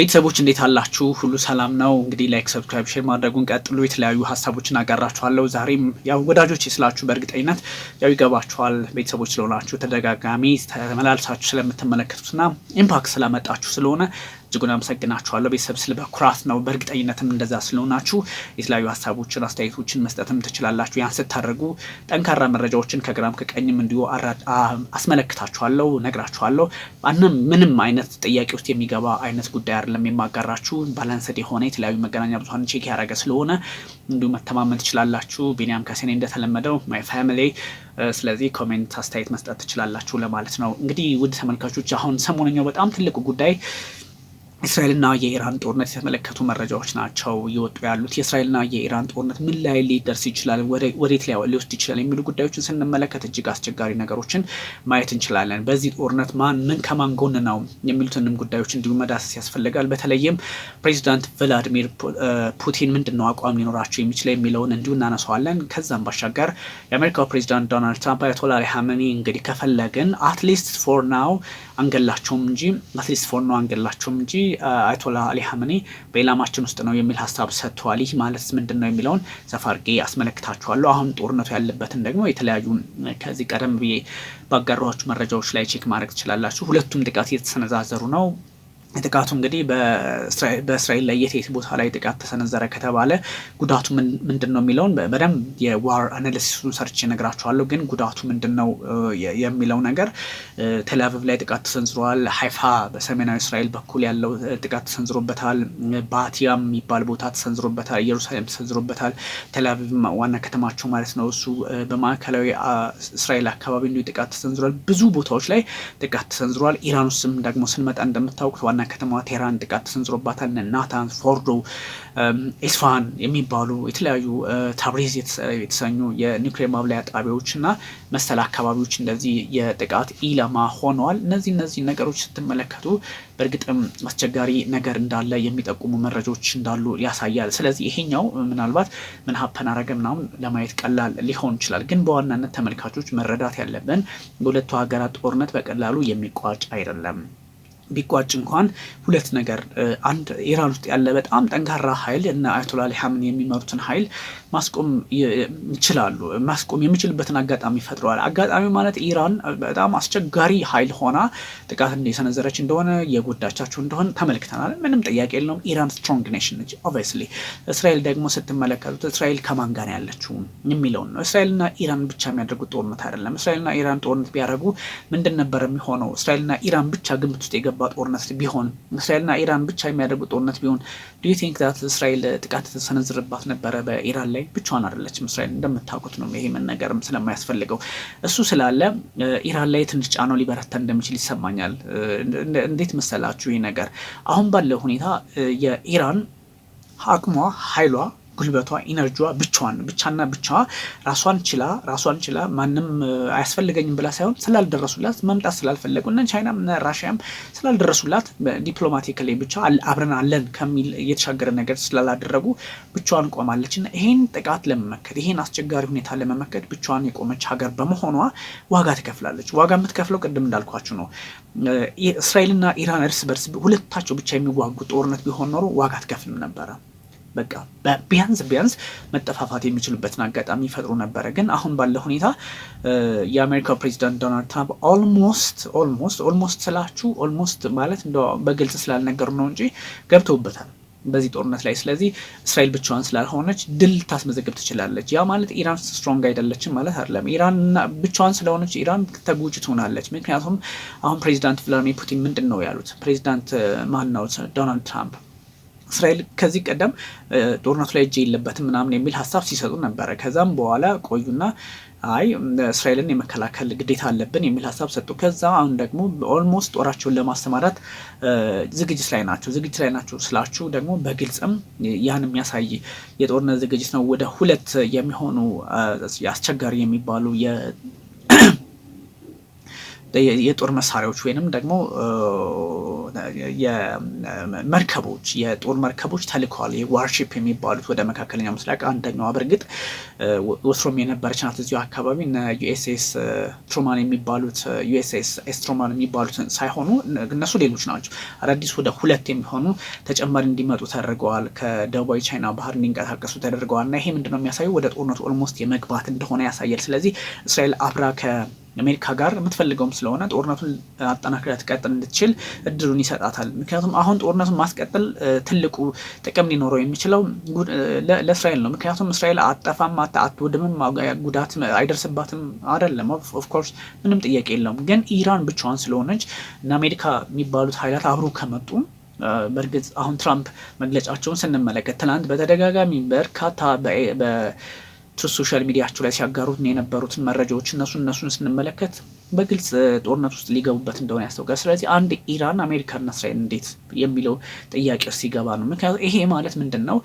ቤተሰቦች እንዴት አላችሁ? ሁሉ ሰላም ነው? እንግዲህ ላይክ፣ ሰብስክራይብ፣ ሼር ማድረጉን ቀጥሉ። የተለያዩ ሀሳቦችን አጋራችኋለሁ። ዛሬም ያው ወዳጆች ስላችሁ በእርግጠኝነት ያው ይገባችኋል። ቤተሰቦች ስለሆናችሁ ተደጋጋሚ ተመላልሳችሁ ስለምትመለከቱትና ኢምፓክት ስለመጣችሁ ስለሆነ እጅጉን አመሰግናችኋለሁ ቤተሰብ። ስለ በኩራት ነው። በእርግጠኝነትም እንደዛ ስለሆናችሁ የተለያዩ ሀሳቦችን፣ አስተያየቶችን መስጠትም ትችላላችሁ። ያን ስታደርጉ ጠንካራ መረጃዎችን ከግራም ከቀኝም እንዲሁ አስመለክታችኋለሁ፣ ነግራችኋለሁ። ማንም ምንም አይነት ጥያቄ ውስጥ የሚገባ አይነት ጉዳይ አይደለም የማጋራችሁ። ባላንስድ የሆነ የተለያዩ መገናኛ ብዙሀን ቼክ ያደረገ ስለሆነ እንዲሁ መተማመን ትችላላችሁ። ቢኒያም ከሴኔ እንደተለመደው ማይ ፋሚሊ። ስለዚህ ኮሜንት፣ አስተያየት መስጠት ትችላላችሁ ለማለት ነው። እንግዲህ ውድ ተመልካቾች አሁን ሰሞነኛው በጣም ትልቁ ጉዳይ እስራኤልና የኢራን ጦርነት የተመለከቱ መረጃዎች ናቸው እየወጡ ያሉት። የእስራኤልና የኢራን ጦርነት ምን ላይ ሊደርስ ይችላል፣ ወዴት ሊወስድ ይችላል የሚሉ ጉዳዮችን ስንመለከት እጅግ አስቸጋሪ ነገሮችን ማየት እንችላለን። በዚህ ጦርነት ማን ምን ከማን ጎን ነው የሚሉትንም ጉዳዮች እንዲሁ መዳሰስ ያስፈልጋል። በተለይም ፕሬዚዳንት ቭላዲሚር ፑቲን ምንድን ነው አቋም ሊኖራቸው የሚችለው የሚለውን እንዲሁ እናነሰዋለን ከዛም ባሻገር የአሜሪካው ፕሬዚዳንት ዶናልድ ትራምፕ አያቶላ አሊ ሀመኒ እንግዲህ ከፈለግን አትሊስት ፎር ናው አንገላቸውም እንጂ አትሊስት ፎር ነው አንገላቸውም እንጂ አይቶላ አሊ ሀመኒ በኢላማችን ውስጥ ነው የሚል ሀሳብ ሰጥተዋል። ይህ ማለት ምንድን ነው የሚለውን ሰፋርጌ አድርጌ አስመለክታችኋለሁ። አሁን ጦርነቱ ያለበትን ደግሞ የተለያዩ ከዚህ ቀደም ብዬ ባጋሯችሁ መረጃዎች ላይ ቼክ ማድረግ ትችላላችሁ። ሁለቱም ጥቃት እየተሰነዛዘሩ ነው። ጥቃቱ እንግዲህ በእስራኤል ላይ የት ቦታ ላይ ጥቃት ተሰነዘረ ከተባለ ጉዳቱ ምንድን ነው የሚለውን በደንብ የዋር አናሊሲሱን ሰርች እነግራችኋለሁ። ግን ጉዳቱ ምንድን ነው የሚለው ነገር ቴላቪቭ ላይ ጥቃት ተሰንዝሯል። ሀይፋ በሰሜናዊ እስራኤል በኩል ያለው ጥቃት ተሰንዝሮበታል። ባቲያም የሚባል ቦታ ተሰንዝሮበታል። ኢየሩሳሌም ተሰንዝሮበታል። ቴላቪቭ ዋና ከተማቸው ማለት ነው። እሱ በማዕከላዊ እስራኤል አካባቢ እንዲሁ ጥቃት ተሰንዝሯል። ብዙ ቦታዎች ላይ ጥቃት ተሰንዝሯል። ኢራን ውስጥም ደግሞ ስንመጣ እንደምታውቁት ዋና ዋና ከተማዋ ቴራን ጥቃት ተሰንዝሮባታል። ናታን ፎርዶ፣ ኢስፋን የሚባሉ የተለያዩ ታብሪዝ የተሰኙ የኒውክሌር ማብላያ ጣቢያዎች እና መሰል አካባቢዎች እንደዚህ የጥቃት ኢላማ ሆነዋል። እነዚህ እነዚህ ነገሮች ስትመለከቱ በእርግጥም አስቸጋሪ ነገር እንዳለ የሚጠቁሙ መረጃዎች እንዳሉ ያሳያል። ስለዚህ ይሄኛው ምናልባት ምን ሀፐን አረገ ምናምን ለማየት ቀላል ሊሆን ይችላል። ግን በዋናነት ተመልካቾች መረዳት ያለብን የሁለቱ ሀገራት ጦርነት በቀላሉ የሚቋጭ አይደለም። ቢቋጭ እንኳን ሁለት ነገር፣ አንድ ኢራን ውስጥ ያለ በጣም ጠንካራ ኃይል እና አያቶላ አሊ ሀምን የሚመሩትን ኃይል ማስቆም ይችላሉ። ማስቆም የሚችልበትን አጋጣሚ ፈጥረዋል። አጋጣሚ ማለት ኢራን በጣም አስቸጋሪ ኃይል ሆና ጥቃት የሰነዘረች እንደሆነ የጎዳቻቸው እንደሆነ ተመልክተናል። ምንም ጥያቄ የለውም። ኢራን ስትሮንግ ኔሽን ነች። ኦብቪየስሊ እስራኤል ደግሞ ስትመለከቱት እስራኤል ከማን ጋር ያለችው የሚለውን ነው። እስራኤልና ኢራን ብቻ የሚያደርጉት ጦርነት አይደለም። እስራኤልና ኢራን ጦርነት ቢያደርጉ ምንድን ነበር የሚሆነው? እስራኤልና ኢራን ብቻ ግምት ውስጥ የገባ የሚያስገባ ጦርነት ቢሆን እስራኤልና ኢራን ብቻ የሚያደርጉ ጦርነት ቢሆን ዱ ቲንክ እስራኤል ጥቃት የተሰነዝርባት ነበረ በኢራን ላይ ብቻዋን አይደለችም እስራኤል እንደምታውቁት ነው ይሄ መነገርም ስለማያስፈልገው እሱ ስላለ ኢራን ላይ ትንሽ ጫናው ሊበረታ እንደሚችል ይሰማኛል እንዴት መሰላችሁ ይህ ነገር አሁን ባለው ሁኔታ የኢራን አቅሟ ኃይሏ ጉልበቷ ኢነርጂዋ ብቻዋን ብቻና ብቻ ራሷን ችላ ራሷን ችላ ማንም አያስፈልገኝም ብላ ሳይሆን ስላልደረሱላት መምጣት ስላልፈለጉ እና ቻይናም ራሽያም ስላልደረሱላት ዲፕሎማቲክ ላይ ብቻ አብረን አለን ከሚል የተሻገረ ነገር ስላላደረጉ ብቻዋን ቆማለች እና ይሄን ጥቃት ለመመከት ይሄን አስቸጋሪ ሁኔታ ለመመከት ብቻዋን የቆመች ሀገር በመሆኗ ዋጋ ትከፍላለች። ዋጋ የምትከፍለው ቅድም እንዳልኳችሁ ነው። እስራኤልና ኢራን እርስ በርስ ሁለታቸው ብቻ የሚዋጉ ጦርነት ቢሆን ኖሮ ዋጋ ትከፍልም ነበረ። በቃ ቢያንስ ቢያንስ መጠፋፋት የሚችሉበትን አጋጣሚ ይፈጥሩ ነበረ። ግን አሁን ባለ ሁኔታ የአሜሪካው ፕሬዚዳንት ዶናልድ ትራምፕ ኦልሞስት ኦልሞስት ኦልሞስት ስላችሁ ኦልሞስት ማለት እንደ በግልጽ ስላልነገሩ ነው እንጂ ገብተውበታል በዚህ ጦርነት ላይ። ስለዚህ እስራኤል ብቻዋን ስላልሆነች ድል ታስመዘግብ ትችላለች። ያ ማለት ኢራን ስትሮንግ አይደለችም ማለት አይደለም። ኢራን ብቻዋን ስለሆነች ኢራን ተጉጭ ትሆናለች። ምክንያቱም አሁን ፕሬዚዳንት ቭላድሚር ፑቲን ምንድን ነው ያሉት? ፕሬዚዳንት ማናውት ዶናልድ ትራምፕ እስራኤል ከዚህ ቀደም ጦርነቱ ላይ እጅ የለበትም ምናምን የሚል ሀሳብ ሲሰጡ ነበረ። ከዛም በኋላ ቆዩና አይ እስራኤልን የመከላከል ግዴታ አለብን የሚል ሀሳብ ሰጡ። ከዛ አሁን ደግሞ ኦልሞስት ጦራቸውን ለማሰማራት ዝግጅት ላይ ናቸው። ዝግጅት ላይ ናቸው ስላችሁ ደግሞ በግልጽም ያን የሚያሳይ የጦርነት ዝግጅት ነው። ወደ ሁለት የሚሆኑ አስቸጋሪ የሚባሉ የጦር መሳሪያዎች ወይንም ደግሞ መርከቦች የጦር መርከቦች ተልከዋል። ዋርሺፕ የሚባሉት ወደ መካከለኛው ምስራቅ አንደኛዋ በእርግጥ ወትሮም የነበረች ናት እዚሁ አካባቢ እነ ዩኤስኤስ ትሩማን የሚባሉት ዩኤስኤስ ኤስትሮማን የሚባሉት ሳይሆኑ እነሱ ሌሎች ናቸው። አዳዲስ ወደ ሁለት የሚሆኑ ተጨማሪ እንዲመጡ ተደርገዋል። ከደቡባዊ ቻይና ባህር እንዲንቀሳቀሱ ተደርገዋል እና ይሄ ምንድነው የሚያሳየው ወደ ጦርነቱ ኦልሞስት የመግባት እንደሆነ ያሳያል። ስለዚህ እስራኤል አብራ ከ አሜሪካ ጋር የምትፈልገውም ስለሆነ ጦርነቱን አጠናክራ ትቀጥል እንድትችል እድሉን ይሰጣታል። ምክንያቱም አሁን ጦርነቱን ማስቀጠል ትልቁ ጥቅም ሊኖረው የሚችለው ለእስራኤል ነው። ምክንያቱም እስራኤል አጠፋም አትወድምም ጉዳት አይደርስባትም አይደለም፣ ኦፍኮርስ ምንም ጥያቄ የለውም። ግን ኢራን ብቻዋን ስለሆነች እና አሜሪካ የሚባሉት ኃይላት አብሮ ከመጡ በእርግጥ አሁን ትራምፕ መግለጫቸውን ስንመለከት ትናንት በተደጋጋሚ በርካታ ሶሻል ሚዲያቸው ላይ ሲያጋሩት የነበሩትን መረጃዎች እነሱ እነሱን ስንመለከት በግልጽ ጦርነት ውስጥ ሊገቡበት እንደሆነ ያስታውቃል። ስለዚህ አንድ ኢራን አሜሪካና እስራኤል እንዴት የሚለው ጥያቄ ውስጥ ሲገባ ነው። ምክንያቱም ይሄ ማለት ምንድን ነው?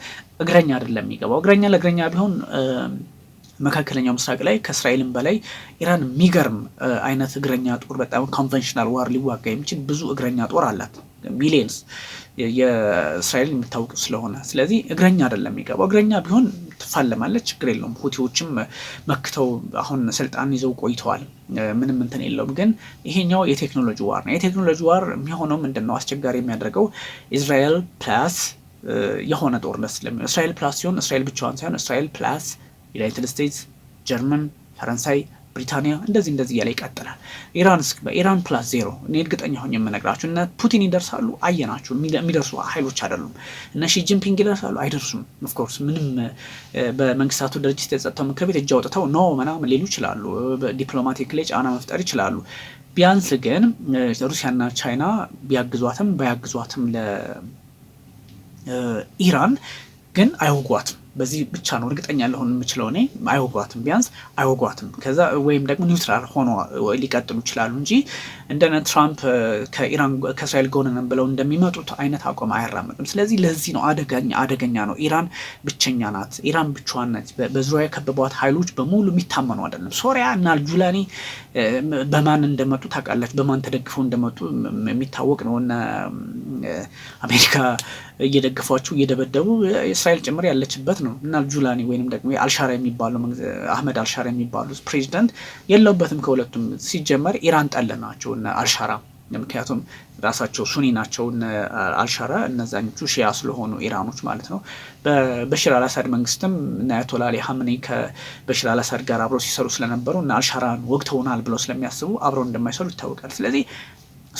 እግረኛ አይደለም የሚገባው። እግረኛ ለእግረኛ ቢሆን መካከለኛው ምስራቅ ላይ ከእስራኤልም በላይ ኢራን የሚገርም አይነት እግረኛ ጦር፣ በጣም ኮንቨንሽናል ዋር ሊዋጋ የሚችል ብዙ እግረኛ ጦር አላት። ሚሊየንስ የእስራኤል የምታውቅ ስለሆነ ስለዚህ እግረኛ አይደለም የሚገባው። እግረኛ ቢሆን ትፋለማለች፣ ችግር የለውም። ሁቲዎችም መክተው አሁን ስልጣን ይዘው ቆይተዋል። ምንም እንትን የለውም። ግን ይሄኛው የቴክኖሎጂ ዋር ነው። የቴክኖሎጂ ዋር የሚሆነው ምንድን ነው? አስቸጋሪ የሚያደርገው እስራኤል ፕላስ የሆነ ጦርነት ስለሚ እስራኤል ፕላስ ሲሆን እስራኤል ብቻዋን ሳይሆን እስራኤል ፕላስ ዩናይትድ ስቴትስ፣ ጀርመን፣ ፈረንሳይ ብሪታንያ እንደዚህ እንደዚህ እያለ ይቀጥላል። ኢራን በኢራን ፕላስ ዜሮ እኔ እርግጠኛ ሆኜ የምነግራችሁ እነ ፑቲን ይደርሳሉ? አየናችሁ፣ የሚደርሱ ኃይሎች አይደሉም። እነ ሺጂንፒንግ ይደርሳሉ? አይደርሱም። ኦፍኮርስ ምንም በመንግስታቱ ድርጅት የጸጥታው ምክር ቤት እጅ አውጥተው ኖ ምናምን ሊሉ ይችላሉ። ዲፕሎማቲክ ላይ ጫና መፍጠር ይችላሉ። ቢያንስ ግን ሩሲያና ቻይና ቢያግዟትም ባያግዟትም ለኢራን ግን አይውጓትም። በዚህ ብቻ ነው እርግጠኛ ልሆን የምችለው እኔ አይወጓትም፣ ቢያንስ አይወጓትም። ከዛ ወይም ደግሞ ኒውትራል ሆኖ ሊቀጥሉ ይችላሉ እንጂ እንደነ ትራምፕ ከኢራን ከእስራኤል ጎን ነን ብለው እንደሚመጡት አይነት አቋም አያራምድም። ስለዚህ ለዚህ ነው አደገኛ አደገኛ ነው። ኢራን ብቸኛ ናት። ኢራን ብቻዋን ናት። በዙሪያ የከበቧት ኃይሎች በሙሉ የሚታመኑ አይደለም። ሶሪያ እና አልጁላኒ በማን እንደመጡ ታውቃለች፣ በማን ተደግፈው እንደመጡ የሚታወቅ ነው። እነ አሜሪካ እየደገፏቸው እየደበደቡ እስራኤል ጭምር ያለችበት ነው እና ጁላኒ ወይም ደግሞ አልሻራ የሚባሉ አህመድ አልሻራ የሚባሉ ፕሬዚዳንት የለውበትም። ከሁለቱም ሲጀመር ኢራን ጠለ ናቸው እነ አልሻራ። ምክንያቱም ራሳቸው ሱኒ ናቸው እነ አልሻራ፣ እነዛኞቹ ሺያ ስለሆኑ ኢራኖች ማለት ነው። በበሽር አልአሳድ መንግስትም እነ አያቶላ አሊ ሀምኒ ከበሽር አልአሳድ ጋር አብረው ሲሰሩ ስለነበሩ እና አልሻራን ወግተውናል ብለው ስለሚያስቡ አብረው እንደማይሰሩ ይታወቃል። ስለዚህ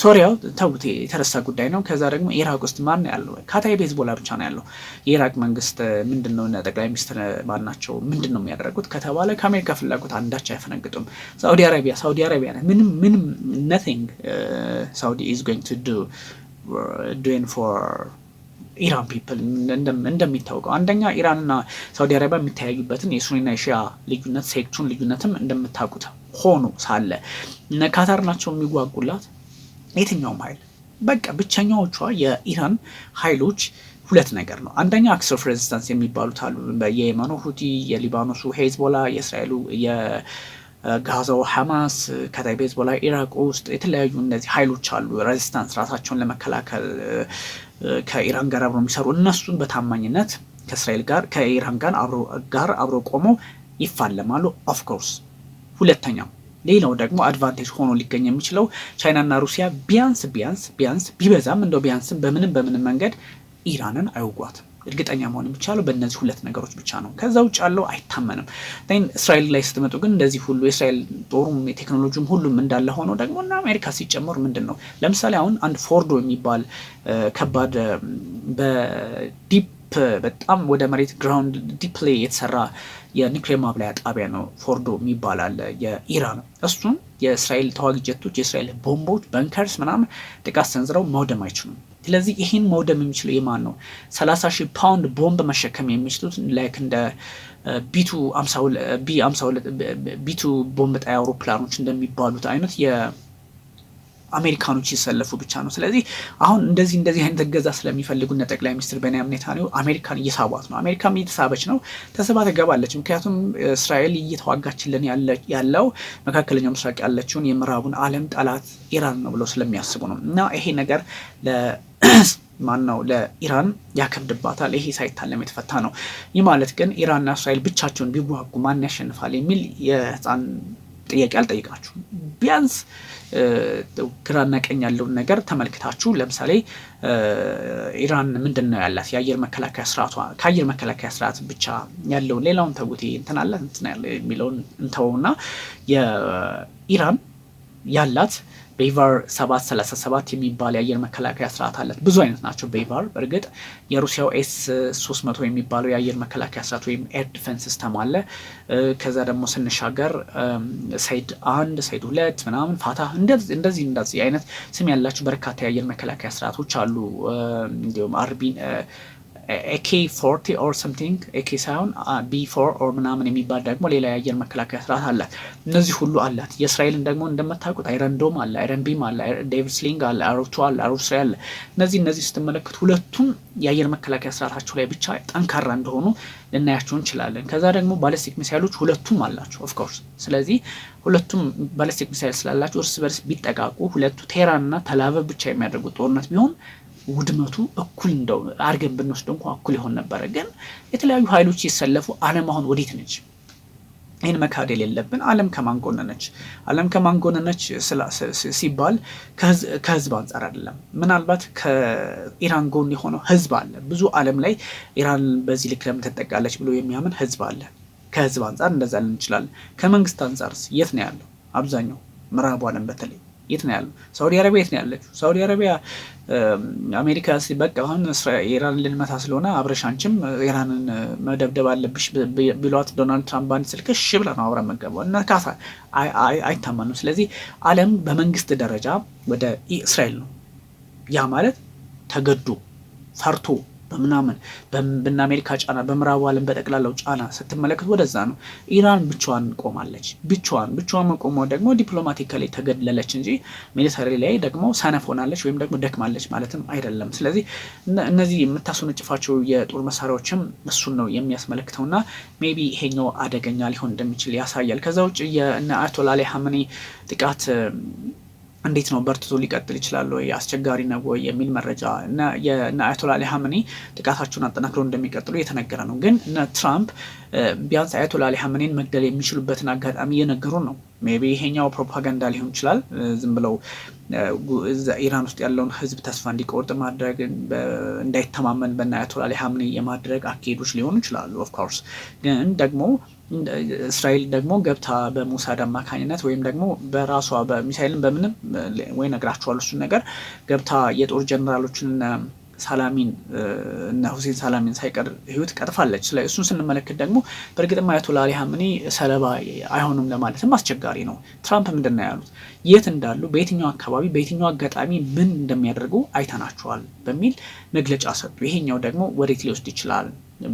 ሶሪያው ተውት፣ የተረሳ ጉዳይ ነው። ከዛ ደግሞ ኢራቅ ውስጥ ማን ያለው? ካታይ ቤዝቦላ ብቻ ነው ያለው። የኢራቅ መንግስት ምንድን ነው ጠቅላይ ሚኒስትር ማን ናቸው? ምንድን ነው የሚያደርጉት ከተባለ ከአሜሪካ ፍላጎት አንዳች አይፈነግጡም። ሳውዲ አረቢያ ሳውዲ አረቢያ ምንም ምንም ነቲንግ ሳውዲ ኢዝ ጎይንግ ቱ ዱ ዱን ፎር ኢራን ፒፕል እንደሚታወቀው አንደኛ ኢራንና ሳውዲ አረቢያ የሚተያዩበትን የሱኒና የሺያ ልዩነት ሴክቱን ልዩነትም እንደምታውቁት ሆኖ ሳለ ካታር ናቸው የሚጓጉላት የትኛውም ኃይል በቃ ብቸኛዎቿ የኢራን ኃይሎች ሁለት ነገር ነው። አንደኛ አክሶፍ ሬዚስታንስ የሚባሉት አሉ። የየመኑ ሁቲ፣ የሊባኖሱ ሄዝቦላ፣ የእስራኤሉ የጋዛው ሐማስ፣ ከታይ ሄዝቦላ ኢራቅ ውስጥ የተለያዩ እነዚህ ኃይሎች አሉ። ሬዚስታንስ ራሳቸውን ለመከላከል ከኢራን ጋር አብረው የሚሰሩ እነሱን በታማኝነት ከእስራኤል ጋር ከኢራን ጋር አብረው ቆመው ይፋለማሉ። ኦፍኮርስ ሁለተኛው ሌላው ደግሞ አድቫንቴጅ ሆኖ ሊገኝ የሚችለው ቻይናና ሩሲያ ቢያንስ ቢያንስ ቢያንስ ቢበዛም እንደው ቢያንስም በምንም በምንም መንገድ ኢራንን አይውጓትም። እርግጠኛ መሆን የሚቻለው በእነዚህ ሁለት ነገሮች ብቻ ነው። ከዛ ውጭ ያለው አይታመንም። እስራኤል ላይ ስትመጡ ግን እንደዚህ ሁሉ የእስራኤል ጦሩም የቴክኖሎጂም ሁሉም እንዳለ ሆኖ ደግሞ እና አሜሪካ ሲጨመሩ ምንድን ነው ለምሳሌ አሁን አንድ ፎርዶ የሚባል ከባድ በዲፕ በጣም ወደ መሬት ግራውንድ ዲፕ ላይ የተሰራ የኒክሌር ማብላያ ጣቢያ ነው ፎርዶ የሚባል አለ የኢራን እሱም የእስራኤል ተዋጊ ጀቶች የእስራኤል ቦምቦች በንከርስ ምናምን ጥቃት ሰንዝረው መውደም አይችሉም ስለዚህ ይህን መውደም የሚችለው የማን ነው? 30 ሺህ ፓውንድ ቦምብ መሸከም የሚችሉት ላይክ እንደ ቢቱ 52 ቢቱ ቦምብ ጣይ አውሮፕላኖች እንደሚባሉት አይነት አሜሪካኖች ሲሰለፉ ብቻ ነው። ስለዚህ አሁን እንደዚህ እንደዚህ አይነት እገዛ ስለሚፈልጉ እነ ጠቅላይ ሚኒስትር ቤንያሚን ኔታንያሁ አሜሪካን እየሳቧት ነው። አሜሪካም እየተሳበች ነው፣ ተስባ ትገባለች። ምክንያቱም እስራኤል እየተዋጋችልን ያለው መካከለኛው ምስራቅ ያለችውን የምዕራቡን ዓለም ጠላት ኢራን ነው ብለው ስለሚያስቡ ነው እና ይሄ ነገር ማን ነው ለኢራን ያከብድባታል። ይሄ ሳይታለም የተፈታ ነው። ይህ ማለት ግን ኢራንና እስራኤል ብቻቸውን ቢዋጉ ማን ያሸንፋል የሚል የህፃን ጥያቄ አልጠይቃችሁም ቢያንስ ግራና ቀኝ ያለውን ነገር ተመልክታችሁ ለምሳሌ ኢራን ምንድን ነው ያላት የአየር መከላከያ ስርዓቷ ከአየር መከላከያ ስርዓት ብቻ ያለውን ሌላውን ተጉቴ እንትን አላት እንትን ያለ የሚለውን እንተወውና የኢራን ያላት ቤቫር 737 የሚባል የአየር መከላከያ ስርዓት አለት። ብዙ አይነት ናቸው። ቤቫር በእርግጥ የሩሲያው ኤስ 300 የሚባለው የአየር መከላከያ ስርዓት ወይም ኤር ዲፌንስ ሲስተም አለ። ከዛ ደግሞ ስንሻገር ሳይድ አንድ፣ ሳይድ ሁለት ምናምን ፋታ እንደዚህ እንደዚህ አይነት ስም ያላቸው በርካታ የአየር መከላከያ ስርዓቶች አሉ። እንዲሁም አርቢን ኤኬ ፎርቲ ኦር ሰምቲንግ ኤኬ ሳይሆን ቢ ፎር ኦር ምናምን የሚባል ደግሞ ሌላ የአየር መከላከያ ስርዓት አላት። እነዚህ ሁሉ አላት። የእስራኤልን ደግሞ እንደምታውቁት አይረንዶም አለ፣ አይረንቢም አለ፣ ዴቪድ ስሊንግ አለ፣ አሮቱ አለ፣ አሮስሪ አለ። እነዚህ እነዚህ ስትመለከቱ ሁለቱም የአየር መከላከያ ስርዓታቸው ላይ ብቻ ጠንካራ እንደሆኑ ልናያቸው እንችላለን። ከዛ ደግሞ ባለስቲክ ሚሳይሎች ሁለቱም አላቸው ኦፍኮርስ። ስለዚህ ሁለቱም ባለስቲክ ሚሳይል ስላላቸው እርስ በርስ ቢጠቃቁ ሁለቱ ቴራንና ተላበብ ብቻ የሚያደርጉት ጦርነት ቢሆን ውድመቱ እኩል እንደው አድርገን ብንወስድ እንኳ እኩል ይሆን ነበረ። ግን የተለያዩ ኃይሎች ሲሰለፉ ዓለም አሁን ወዴት ነች? ይህን መካድ የሌለብን ዓለም ከማንጎነነች ዓለም ከማንጎነነች ሲባል ከህዝብ አንጻር አይደለም። ምናልባት ከኢራን ጎን የሆነው ህዝብ አለ። ብዙ ዓለም ላይ ኢራን በዚህ ልክ ለምን ትጠቃለች ብሎ የሚያምን ህዝብ አለ። ከህዝብ አንጻር እንደዛ ልን እንችላለን። ከመንግስት አንጻርስ የት ነው ያለው? አብዛኛው ምዕራቡ ዓለም በተለይ የት ነው ያለው? ሳውዲ አረቢያ የት ነው ያለችው? ሳውዲ አረቢያ አሜሪካ በቃ አሁን ኢራንን ልንመታ ስለሆነ አብረሽ አንቺም ኢራንን መደብደብ አለብሽ ቢሏት ዶናልድ ትራምፕ በአንድ ስልክ እሺ ብላ ነው አብረን መገባው እና ካሳ አይታማንም። ስለዚህ ዓለም በመንግስት ደረጃ ወደ እስራኤል ነው ያ ማለት ተገዶ ፈርቶ በምናምን በና አሜሪካ ጫና በምዕራቡ ዓለም በጠቅላላው ጫና ስትመለከት ወደዛ ነው። ኢራን ብቻዋን ቆማለች። ብቻዋን ብቻዋን መቆመው ደግሞ ዲፕሎማቲካ ላይ ተገድለለች እንጂ ሚሊተሪ ላይ ደግሞ ሰነፍ ሆናለች ወይም ደግሞ ደክማለች ማለትም አይደለም። ስለዚህ እነዚህ የምታስወነጭፋቸው የጦር መሳሪያዎችም እሱን ነው የሚያስመለክተው ና ሜቢ ይሄኛው አደገኛ ሊሆን እንደሚችል ያሳያል። ከዛ ውጭ የእነ አያቶላ ላይ ሀመኒ ጥቃት እንዴት ነው በርትቶ ሊቀጥል ይችላል ወይ? አስቸጋሪ ነው ወይ የሚል መረጃ እና አያቶላ አሊ ሀመኒ ጥቃታቸውን አጠናክረው እንደሚቀጥሉ እየተነገረ ነው። ግን እነ ትራምፕ ቢያንስ አያቶላ አሊ ሀመኒን መግደል የሚችሉበትን አጋጣሚ እየነገሩ ነው። ሜይ ቢ ይሄኛው ፕሮፓጋንዳ ሊሆን ይችላል። ዝም ብለው ኢራን ውስጥ ያለውን ህዝብ ተስፋ እንዲቆርጥ ማድረግ፣ እንዳይተማመን በአያቶላ ኻሜኒ የማድረግ አካሄዶች ሊሆኑ ይችላሉ። ኦፍኮርስ ግን ደግሞ እስራኤል ደግሞ ገብታ በሞሳድ አማካኝነት ወይም ደግሞ በራሷ በሚሳይልን በምንም ወይ ነግራችኋል እሱን ነገር ገብታ የጦር ጀነራሎችንና ሳላሚን እና ሁሴን ሳላሚን ሳይቀር ህይወት ቀጥፋለች። ስለ እሱን ስንመለከት ደግሞ በእርግጥም አያቶላ አሊ ሀምኒ ሰለባ አይሆኑም ለማለትም አስቸጋሪ ነው። ትራምፕ ምንድን ነው ያሉት? የት እንዳሉ፣ በየትኛው አካባቢ፣ በየትኛው አጋጣሚ ምን እንደሚያደርጉ አይተናቸዋል በሚል መግለጫ ሰጡ። ይሄኛው ደግሞ ወዴት ሊወስድ ይችላል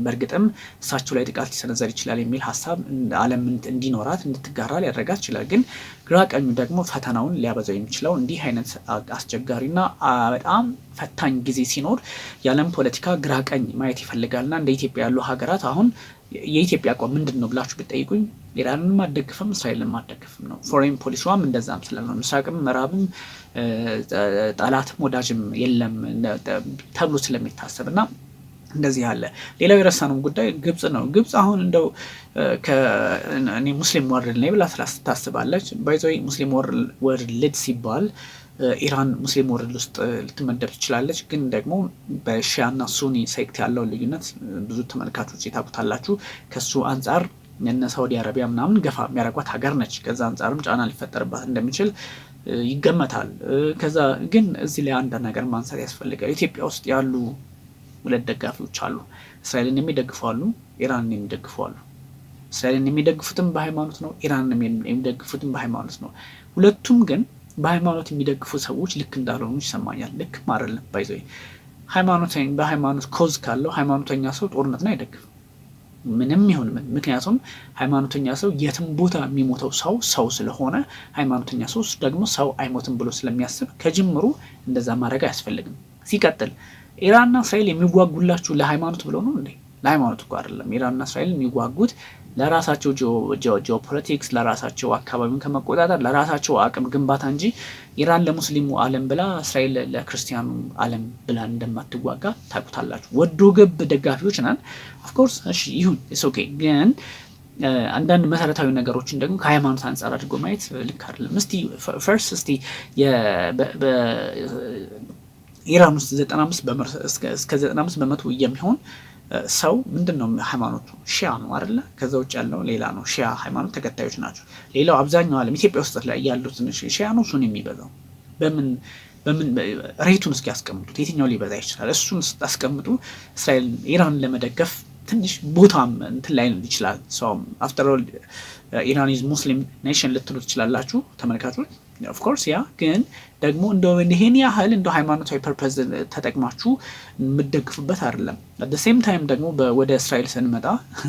በእርግጥም እሳቸው ላይ ጥቃት ሊሰነዘር ይችላል የሚል ሀሳብ ዓለም እንዲኖራት እንድትጋራ ሊያደርጋት ይችላል። ግን ግራ ቀኙ ደግሞ ፈተናውን ሊያበዛው የሚችለው እንዲህ አይነት አስቸጋሪና በጣም ፈታኝ ጊዜ ሲኖር የዓለም ፖለቲካ ግራ ቀኝ ማየት ይፈልጋልና እንደ ኢትዮጵያ ያሉ ሀገራት አሁን የኢትዮጵያ አቋም ምንድን ነው ብላችሁ ብጠይቁኝ ኢራንን ማደግፍም እስራኤልን ማደግፍም ነው። ፎሬን ፖሊሲዋም እንደዛም ስላልሆነ ምስራቅም ምዕራብም ጠላትም ወዳጅም የለም ተብሎ ስለሚታሰብ እና እንደዚህ አለ። ሌላው የረሳነው ጉዳይ ግብፅ ነው። ግብፅ አሁን እንደው እኔ ሙስሊም ወርልድ ነኝ ብላ ታስባለች። ባይዘይ ሙስሊም ወርልድ ሲባል ኢራን ሙስሊም ወርልድ ውስጥ ልትመደብ ትችላለች። ግን ደግሞ በሺያና ሱኒ ሴክት ያለው ልዩነት ብዙ ተመልካቾች የታቁታላችሁ። ከሱ አንጻር እነ ሳውዲ አረቢያ ምናምን ገፋ የሚያደርጓት ሀገር ነች። ከዛ አንጻርም ጫና ሊፈጠርባት እንደሚችል ይገመታል። ከዛ ግን እዚህ ላይ አንዳንድ ነገር ማንሳት ያስፈልጋል። ኢትዮጵያ ውስጥ ያሉ ሁለት ደጋፊዎች አሉ። እስራኤልን የሚደግፉ አሉ፣ ኢራንን የሚደግፉ አሉ። እስራኤልን የሚደግፉትም በሃይማኖት ነው፣ ኢራንን የሚደግፉትም በሃይማኖት ነው። ሁለቱም ግን በሃይማኖት የሚደግፉ ሰዎች ልክ እንዳልሆኑ ይሰማኛል። ልክ አይደለም ባይዘ ሃይማኖት በሃይማኖት ኮዝ ካለው ሃይማኖተኛ ሰው ጦርነትን አይደግፍም ምንም ይሁን ምን። ምክንያቱም ሃይማኖተኛ ሰው የትም ቦታ የሚሞተው ሰው ሰው ስለሆነ ሃይማኖተኛ ሰው ደግሞ ሰው አይሞትም ብሎ ስለሚያስብ ከጅምሩ እንደዛ ማድረግ አያስፈልግም። ሲቀጥል ኢራንና እስራኤል የሚጓጉላችሁ ለሃይማኖት ብለው ነው እንዴ? ለሃይማኖት እኮ አይደለም። ኢራንና እስራኤል የሚጓጉት ለራሳቸው ጂኦፖለቲክስ፣ ለራሳቸው አካባቢውን ከመቆጣጠር ለራሳቸው አቅም ግንባታ እንጂ ኢራን ለሙስሊሙ ዓለም ብላ እስራኤል ለክርስቲያኑ ዓለም ብላ እንደማትዋጋ ታውቁታላችሁ። ወዶ ገብ ደጋፊዎች ናን። ኦፍኮርስ እሺ፣ ይሁን ኢትስ ኦኬ። ግን አንዳንድ መሰረታዊ ነገሮችን ደግሞ ከሃይማኖት አንጻር አድርጎ ማየት ልክ አይደለም። እስቲ ፈርስት እስቲ ኢራን ውስጥ 95 እስከ 95 በመቶ የሚሆን ሰው ምንድን ነው ሃይማኖቱ ሺያ ነው አይደለ? ከዛ ውጭ ያለው ሌላ ነው። ሺያ ሃይማኖት ተከታዮች ናቸው። ሌላው አብዛኛው ዓለም ኢትዮጵያ ውስጥ ላይ ያሉት ሺያ ነው። እሱን የሚበዛው በምን በምን ሬቱን እስኪ ያስቀምጡት፣ የትኛው ሊበዛ ይችላል? እሱን ስታስቀምጡ እስራኤል ኢራን ለመደገፍ ትንሽ ቦታም እንትን ላይ ይችላል። ሰውም አፍተር ኦል ኢራን ኢዝ ሙስሊም ኔሽን ልትሉ ትችላላችሁ ተመልካቾች። ኦፍኮርስ ያ ግን ደግሞ ይሄን ያህል እንደ ሃይማኖታዊ ፐርፐዝ ተጠቅማችሁ የምትደግፉበት አይደለም። አት ሴም ታይም ደግሞ ወደ እስራኤል ስንመጣ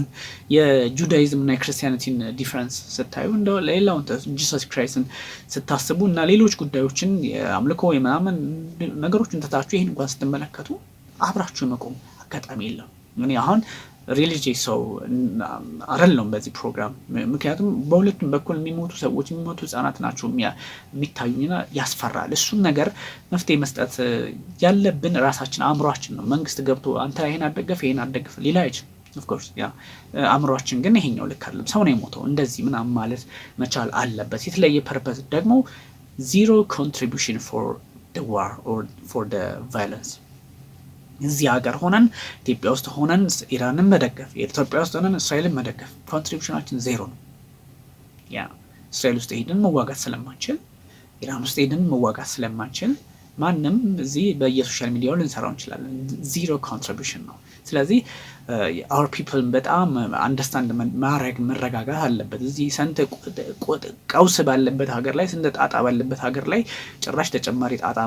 የጁዳይዝም እና የክርስቲያኒቲን ዲፍረንስ ስታዩ ሌላውን ጂሰስ ክራይስትን ስታስቡ እና ሌሎች ጉዳዮችን የአምልኮ የምናምን ነገሮችን ትታችሁ ይህን እንኳን ስትመለከቱ አብራችሁ የመቆም አጋጣሚ የለም። እኔ አሁን ሪሊጂ ሰው አይደለም በዚህ ፕሮግራም። ምክንያቱም በሁለቱም በኩል የሚሞቱ ሰዎች የሚሞቱ ህጻናት ናቸው የሚታዩኝና ያስፈራል። እሱን ነገር መፍትሄ መስጠት ያለብን ራሳችን አእምሯችን ነው። መንግስት ገብቶ አንተ ይሄን አደገፍ ይሄን አደገፍ ሌላ አይችል ኦፍኮርስ ያ አእምሯችን ግን ይሄኛው ልክ አይደለም፣ ሰው ነው የሞተው እንደዚህ ምናምን ማለት መቻል አለበት። የተለየ ፐርፐዝ ደግሞ ዚሮ ኮንትሪቢሽን ፎር ዋር ኦር ፎር ቫይለንስ እዚህ ሀገር ሆነን ኢትዮጵያ ውስጥ ሆነን ኢራንን መደገፍ፣ ኢትዮጵያ ውስጥ ሆነን እስራኤልን መደገፍ ኮንትሪቢሽናችን ዜሮ ነው። ያ እስራኤል ውስጥ ሄድን መዋጋት ስለማንችል፣ ኢራን ውስጥ ሄድን መዋጋት ስለማንችል ማንም እዚህ በየሶሻል ሚዲያው ልንሰራው እንችላለን። ዚሮ ኮንትሪቢሽን ነው። ስለዚህ አወር ፒፕል በጣም አንደርስታንድ ማድረግ መረጋጋት አለበት። እዚህ ስንት ቀውስ ባለበት ሀገር ላይ ስንት ጣጣ ባለበት ሀገር ላይ ጭራሽ ተጨማሪ ጣጣ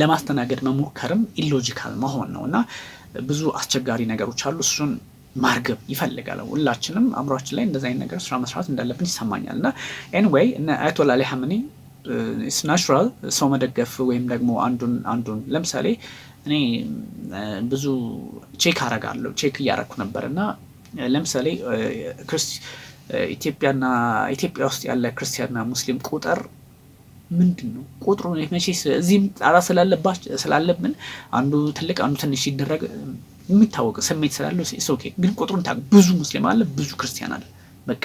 ለማስተናገድ መሞከርም ኢሎጂካል መሆን ነው እና ብዙ አስቸጋሪ ነገሮች አሉ። እሱን ማርገብ ይፈልጋል። ሁላችንም አእምሯችን ላይ እንደዚ አይነት ነገር ስራ መስራት እንዳለብን ይሰማኛል። እና ኤንዌይ አያቶላ ሀምኒ ኢትስ ናቹራል ሰው መደገፍ ወይም ደግሞ አንዱን አንዱን ለምሳሌ እኔ ብዙ ቼክ አረጋለሁ ቼክ እያረኩ ነበር እና ለምሳሌ ኢትዮጵያና ኢትዮጵያ ውስጥ ያለ ክርስቲያንና ሙስሊም ቁጥር ምንድን ነው ቁጥሩ? መቼስ እዚህም ጣራ ስላለብን አንዱ ትልቅ አንዱ ትንሽ ይደረግ የሚታወቅ ስሜት ስላለው ኦኬ። ግን ቁጥሩን ታ ብዙ ሙስሊም አለ፣ ብዙ ክርስቲያን አለ። በቃ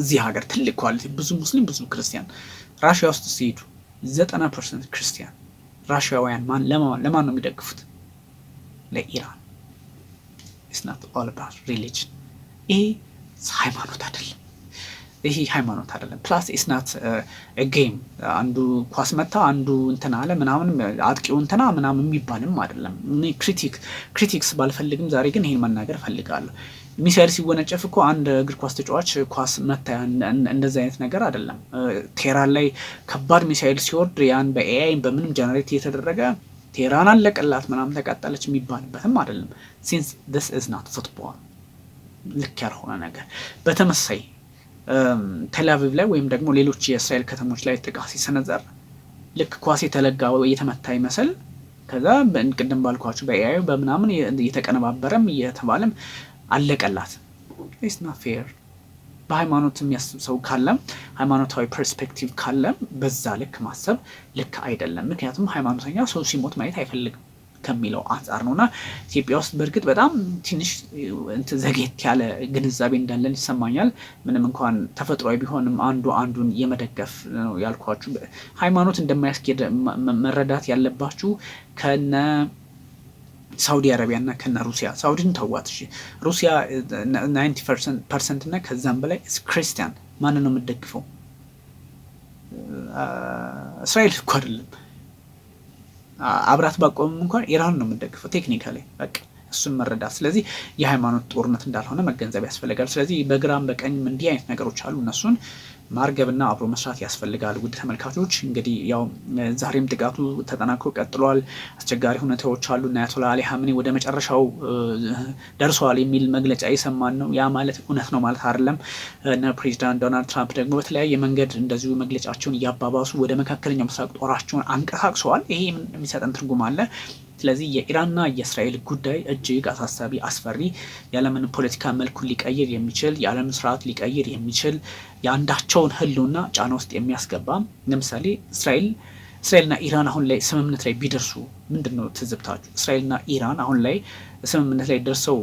እዚህ ሀገር ትልቅ ኳሊቲ ብዙ ሙስሊም ብዙ ክርስቲያን። ራሽያ ውስጥ ሲሄዱ ዘጠና ፐርሰንት ክርስቲያን ራሽያውያን ማን ለማን ነው የሚደግፉት? ለኢራን። ስናት ኦል አባውት ሪሊጅን። ይሄ ሃይማኖት አይደለም። ይሄ ሃይማኖት አይደለም። ፕላስ ስናት ጌም አንዱ ኳስ መታ አንዱ እንትን አለ ምናምን አጥቂው እንትና ምናምን የሚባልም አይደለም። ክሪቲክስ ባልፈልግም ዛሬ ግን ይሄን መናገር ፈልጋለሁ። ሚሳይል ሲወነጨፍ እኮ አንድ እግር ኳስ ተጫዋች ኳስ መታ እንደዚህ አይነት ነገር አይደለም። ቴህራን ላይ ከባድ ሚሳይል ሲወርድ ያን በኤአይ በምንም ጀነሬት እየተደረገ ቴህራን አለቀላት ምናምን ተቃጠለች የሚባልበትም አይደለም። ሲንስ ዲስ ኢዝ ናት ፉትቦል ልክ ያልሆነ ነገር በተመሳይ ቴልአቪቭ ላይ ወይም ደግሞ ሌሎች የእስራኤል ከተሞች ላይ ጥቃት ሲሰነዘር ልክ ኳስ የተለጋ እየተመታ ይመስል ከዛ ቅድም ባልኳቸው በኤአይ በምናምን እየተቀነባበረም እየተባለም አለቀላት። ኢትስ ፌር። በሃይማኖት የሚያስብ ሰው ካለም ሃይማኖታዊ ፐርስፔክቲቭ ካለም በዛ ልክ ማሰብ ልክ አይደለም። ምክንያቱም ሃይማኖተኛ ሰው ሲሞት ማየት አይፈልግም ከሚለው አንጻር ነው እና ኢትዮጵያ ውስጥ በእርግጥ በጣም ትንሽ ዘጌት ያለ ግንዛቤ እንዳለን ይሰማኛል። ምንም እንኳን ተፈጥሯዊ ቢሆንም አንዱ አንዱን የመደገፍ ነው ያልኳችሁ። ሃይማኖት እንደማያስኬድ መረዳት ያለባችሁ ከነ ሳውዲ አረቢያና ከነ ሩሲያ ሳውዲን ተዋት። ሩሲያ ናይንቲ ፐርሰንት እና ከዛም በላይ ክርስቲያን ማን ነው የምደግፈው? እስራኤል እኮ አይደለም አብራት ባቆምም እንኳን ኢራን ነው የምደግፈው ቴክኒካ ላይ በቃ እሱን መረዳት ስለዚህ የሃይማኖት ጦርነት እንዳልሆነ መገንዘብ ያስፈልጋል። ስለዚህ በግራም በቀኝም እንዲህ አይነት ነገሮች አሉ እነሱን ማርገብና አብሮ መስራት ያስፈልጋል። ውድ ተመልካቾች እንግዲህ ያው ዛሬም ጥቃቱ ተጠናክሮ ቀጥሏል። አስቸጋሪ ሁኔታዎች አሉ እና አያቶላ አሊ ሀምኔ ወደ መጨረሻው ደርሰዋል የሚል መግለጫ የሰማን ነው። ያ ማለት እውነት ነው ማለት አይደለም። እነ ፕሬዚዳንት ዶናልድ ትራምፕ ደግሞ በተለያየ መንገድ እንደዚሁ መግለጫቸውን እያባባሱ ወደ መካከለኛው ምስራቅ ጦራቸውን አንቀሳቅሰዋል። ይሄ የሚሰጠን ትርጉም አለ ስለዚህ የኢራንና የእስራኤል ጉዳይ እጅግ አሳሳቢ፣ አስፈሪ የዓለምን ፖለቲካ መልኩን ሊቀይር የሚችል የዓለምን ስርዓት ሊቀይር የሚችል የአንዳቸውን ህልውና ጫና ውስጥ የሚያስገባ ለምሳሌ እስራኤል እስራኤልና ኢራን አሁን ላይ ስምምነት ላይ ቢደርሱ ምንድን ነው ትዝብታችሁ? እስራኤልና ኢራን አሁን ላይ ስምምነት ላይ ደርሰው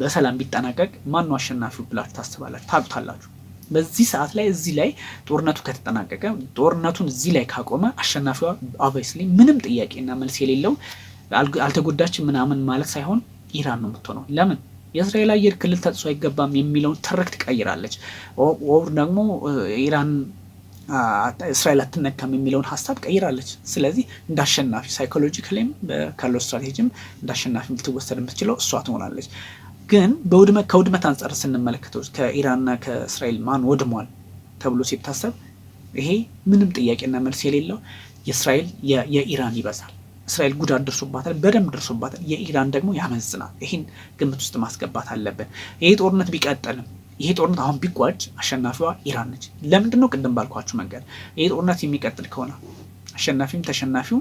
በሰላም ቢጠናቀቅ ማን ነው አሸናፊው ብላችሁ ታስባላችሁ? ታቁታላችሁ። በዚህ ሰዓት ላይ እዚህ ላይ ጦርነቱ ከተጠናቀቀ ጦርነቱን እዚህ ላይ ካቆመ አሸናፊዋ አቬስሊ ምንም ጥያቄና መልስ የሌለው አልተጎዳችም ምናምን ማለት ሳይሆን ኢራን ነው የምትሆነው። ለምን የእስራኤል አየር ክልል ተጥሶ አይገባም የሚለውን ትርክ ትቀይራለች። ወር ደግሞ ኢራን እስራኤል አትነካም የሚለውን ሀሳብ ቀይራለች። ስለዚህ እንዳሸናፊ አሸናፊ ሳይኮሎጂካሊም ካለው ስትራቴጂም እንዳሸናፊ ልትወሰድ የምትችለው እሷ ትሆናለች። ግን ከውድመት አንጻር ስንመለከተው ከኢራንና ከእስራኤል ማን ወድሟል ተብሎ ሲታሰብ ይሄ ምንም ጥያቄና መልስ የሌለው የእስራኤል የኢራን ይበዛል። እስራኤል ጉዳት ደርሶባታል፣ በደንብ ደርሶባታል። የኢራን ደግሞ ያመዝናል። ይህን ግምት ውስጥ ማስገባት አለብን። ይህ ጦርነት ቢቀጥልም ይሄ ጦርነት አሁን ቢጓጅ አሸናፊዋ ኢራን ነች። ለምንድን ነው ቅድም ባልኳችሁ መንገድ ይሄ ጦርነት የሚቀጥል ከሆነ አሸናፊም ተሸናፊው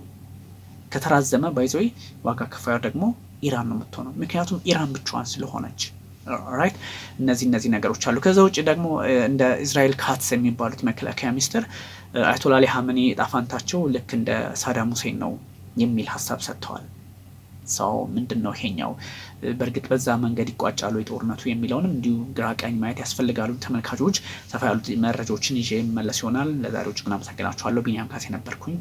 ከተራዘመ ባይዘይ ዋጋ ከፋዩ ደግሞ ኢራን ነው የምትሆነው። ምክንያቱም ኢራን ብቻዋን ስለሆነች ራይት። እነዚህ እነዚህ ነገሮች አሉ። ከዛ ውጭ ደግሞ እንደ እስራኤል ካትስ የሚባሉት መከላከያ ሚኒስትር አያቶላ አሊ ሀመኒ ጣፋንታቸው ልክ እንደ ሳዳም ሁሴን ነው የሚል ሀሳብ ሰጥተዋል። ሰው ምንድን ነው ይሄኛው? በእርግጥ በዛ መንገድ ይቋጫሉ የጦርነቱ የሚለውንም እንዲሁ ግራ ቀኝ ማየት ያስፈልጋሉ ተመልካቾች። ሰፋ ያሉት መረጃዎችን ይዤ መለስ ይሆናል። ለዛሬዎች ምናመሰግናችኋለሁ። ቢኒያም ካሴ ነበርኩኝ።